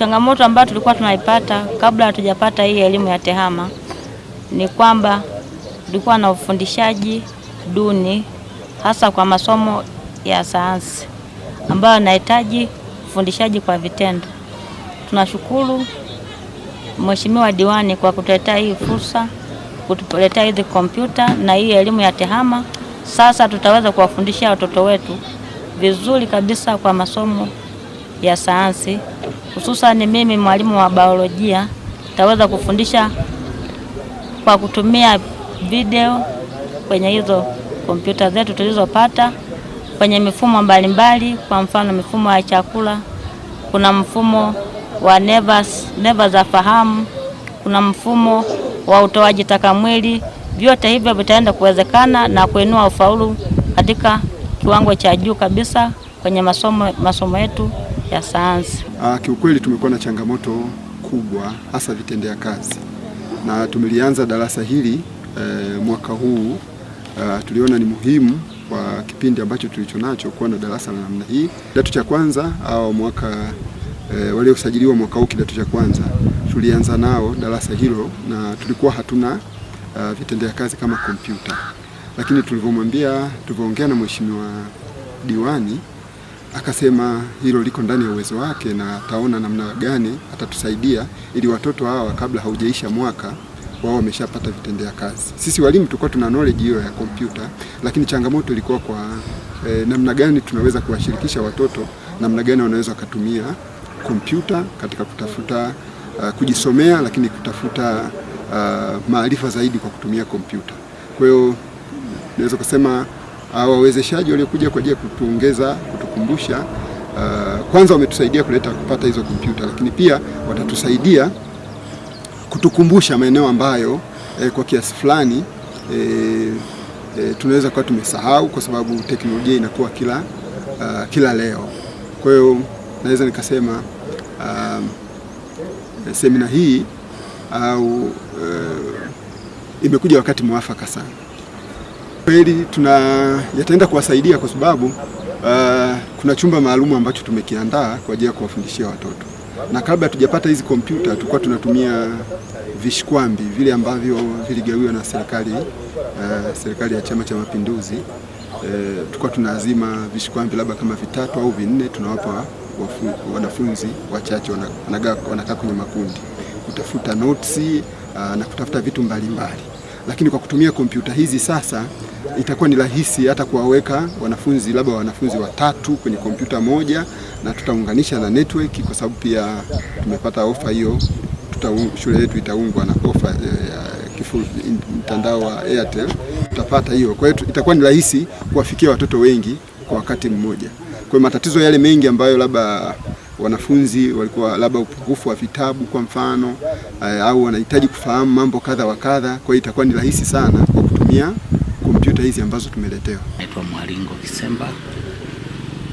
Changamoto ambayo tulikuwa tunaipata kabla hatujapata hii elimu ya TEHAMA ni kwamba tulikuwa na ufundishaji duni, hasa kwa masomo ya sayansi ambayo yanahitaji ufundishaji kwa vitendo. Tunashukuru Mheshimiwa Diwani kwa kutuletea hii fursa, kutuletea hizi kompyuta na hii elimu ya TEHAMA. Sasa tutaweza kuwafundishia watoto wetu vizuri kabisa kwa masomo ya sayansi, hususani mimi mwalimu wa biolojia taweza kufundisha kwa kutumia video kwenye hizo kompyuta zetu tulizopata kwenye mifumo mbalimbali mbali, kwa mfano mifumo ya chakula, kuna mfumo wa neva za fahamu, kuna mfumo wa utoaji taka mwili. Vyote hivyo vitaenda kuwezekana na kuinua ufaulu katika kiwango cha juu kabisa kwenye masomo masomo yetu ya sayansi. Ah, kiukweli tumekuwa na changamoto kubwa, hasa vitendea kazi, na tumelianza darasa hili e, mwaka huu e, tuliona ni muhimu kwa kipindi ambacho tulicho nacho kuwa na darasa la namna hii. Kidato cha kwanza au mwaka e, waliosajiliwa mwaka huu kidato cha kwanza tulianza nao darasa hilo, na tulikuwa hatuna uh, vitendea kazi kama kompyuta, lakini tulivyomwambia, tulivyoongea na mheshimiwa diwani akasema hilo liko ndani ya uwezo wake na ataona namna gani atatusaidia ili watoto hawa kabla haujaisha mwaka wao wameshapata vitendea kazi. Sisi walimu tulikuwa tuna knowledge hiyo ya kompyuta, lakini changamoto ilikuwa kwa e, namna gani tunaweza kuwashirikisha watoto, namna gani wanaweza wakatumia kompyuta katika kutafuta uh, kujisomea, lakini kutafuta uh, maarifa zaidi kwa kutumia kompyuta. Kwa hiyo naweza kusema uh, wawezeshaji waliokuja kwa ajili ya kutuongeza kutukumbusha uh, kwanza wametusaidia kuleta kupata hizo kompyuta, lakini pia watatusaidia kutukumbusha maeneo ambayo eh, kwa kiasi fulani eh, eh, tunaweza kuwa tumesahau kwa sababu teknolojia inakuwa kila, uh, kila leo. Kwa hiyo naweza nikasema uh, um, semina hii au uh, imekuja wakati mwafaka sana kweli, tuna yataenda kuwasaidia kwa sababu Uh, kuna chumba maalumu ambacho tumekiandaa kwa ajili ya kuwafundishia watoto, na kabla tujapata hizi kompyuta tulikuwa tunatumia vishkwambi vile ambavyo viligawiwa na serikali uh, serikali ya Chama cha Mapinduzi uh, tulikuwa tunaazima vishkwambi labda kama vitatu au vinne, tunawapa wanafunzi wachache wanakaa kwenye makundi kutafuta notes uh, ah, na kutafuta vitu mbalimbali mbali lakini kwa kutumia kompyuta hizi sasa itakuwa ni rahisi hata kuwaweka wanafunzi labda wanafunzi watatu kwenye kompyuta moja, na tutaunganisha na network, kwa sababu pia tumepata ofa hiyo. Shule yetu itaungwa na ofa eh, ya mtandao wa Airtel, tutapata hiyo. Kwa hiyo itakuwa ni rahisi kuwafikia watoto wengi kwa wakati mmoja. Kwa matatizo yale mengi ambayo labda wanafunzi walikuwa labda upungufu wa vitabu kwa mfano uh, au wanahitaji kufahamu mambo kadha wa kadha. Kwa hiyo itakuwa ni rahisi sana kwa kutumia kompyuta hizi ambazo tumeletewa. Naitwa Mwalingo Kisemba,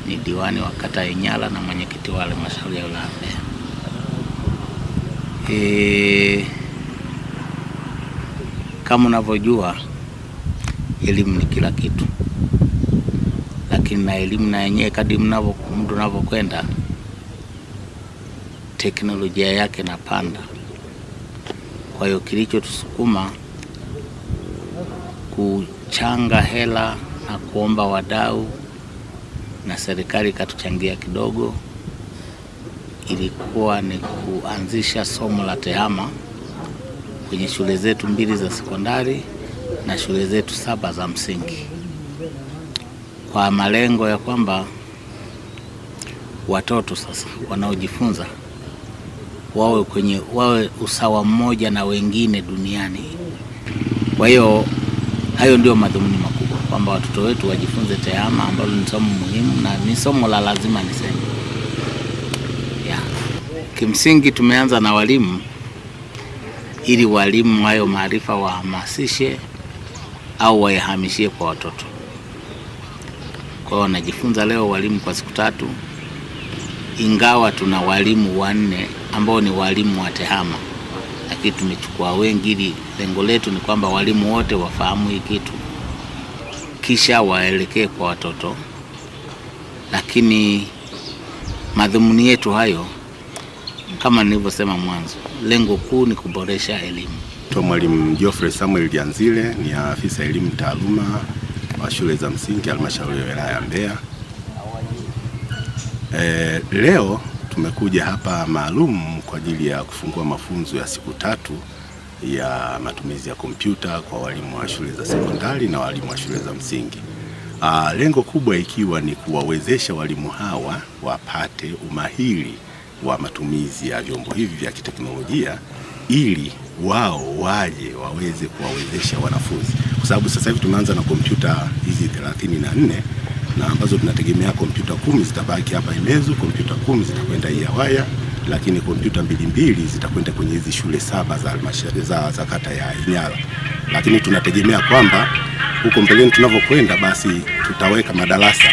ni diwani wa kata ya Inyala na mwenyekiti wa halmashauri ya wilaya Mbeya. E, kama unavyojua elimu ni kila kitu, lakini na elimu na yenyewe kadri mtu unavyokwenda teknolojia yake na panda. Kwa hiyo kilichotusukuma kuchanga hela na kuomba wadau na serikali ikatuchangia kidogo, ilikuwa ni kuanzisha somo la TEHAMA kwenye shule zetu mbili za sekondari na shule zetu saba za msingi kwa malengo ya kwamba watoto sasa wanaojifunza wawe kwenye wawe usawa mmoja na wengine duniani. Kwa hiyo hayo ndio madhumuni makubwa, kwamba watoto wetu wajifunze tehama, ambalo ni somo muhimu na ni somo la lazima. Niseme yeah. Kimsingi tumeanza na walimu, ili walimu hayo maarifa wahamasishe au waihamishie kwa watoto. Kwa hiyo wanajifunza leo walimu kwa siku tatu ingawa tuna walimu wanne ambao ni walimu wa TEHAMA, lakini tumechukua wengi ili lengo letu ni kwamba walimu wote wafahamu hii kitu, kisha waelekee kwa watoto. Lakini madhumuni yetu hayo, kama nilivyosema mwanzo, lengo kuu ni kuboresha elimu. Mwalimu Geoffrey Samuel Janzile ni afisa elimu taaluma wa shule za msingi halmashauri ya wilaya ya Mbeya. E, leo tumekuja hapa maalum kwa ajili ya kufungua mafunzo ya siku tatu ya matumizi ya kompyuta kwa walimu wa shule za sekondari na walimu wa shule za msingi. A, ah, lengo kubwa ikiwa ni kuwawezesha walimu hawa wapate umahiri wa matumizi ya vyombo hivi vya kiteknolojia ili wao waje waweze kuwawezesha wanafunzi, kwa sababu sasa hivi tumeanza na kompyuta hizi 34 na ambazo tunategemea kompyuta kumi zitabaki hapa imezu kompyuta kumi zitakwenda iyawaya lakini kompyuta mbili mbili zitakwenda kwenye hizi shule saba za halmashauri za, za kata ya Inyala, lakini tunategemea kwamba huko mbeleni tunavyokwenda, basi tutaweka madarasa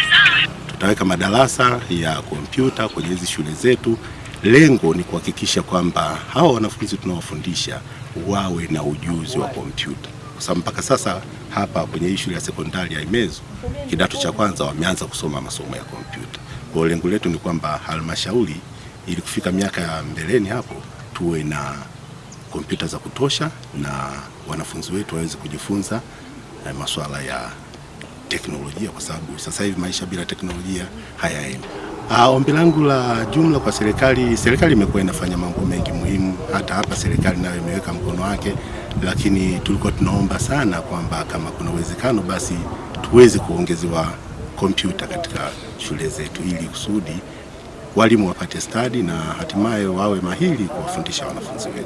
tutaweka madarasa ya kompyuta kwenye hizi shule zetu. Lengo ni kuhakikisha kwamba hawa wanafunzi tunawafundisha wawe na ujuzi wa kompyuta, kwa sababu mpaka sasa hapa kwenye hii shule ya sekondari ya Imezu kidato cha kwanza wameanza kusoma masomo ya kompyuta. Kwa hiyo lengo letu ni kwamba halmashauri ili kufika miaka ya mbeleni hapo tuwe na kompyuta za kutosha na wanafunzi wetu waweze kujifunza na eh, masuala ya teknolojia, kwa sababu sasa hivi maisha bila teknolojia hayaendi. Ah, ombi langu la jumla kwa serikali, serikali imekuwa inafanya mambo mengi muhimu, hata hapa serikali nayo imeweka mkono wake lakini tulikuwa tunaomba sana kwamba kama kuna uwezekano basi tuweze kuongezewa kompyuta katika shule zetu ili kusudi walimu wapate stadi na hatimaye wawe mahiri kuwafundisha wanafunzi wetu.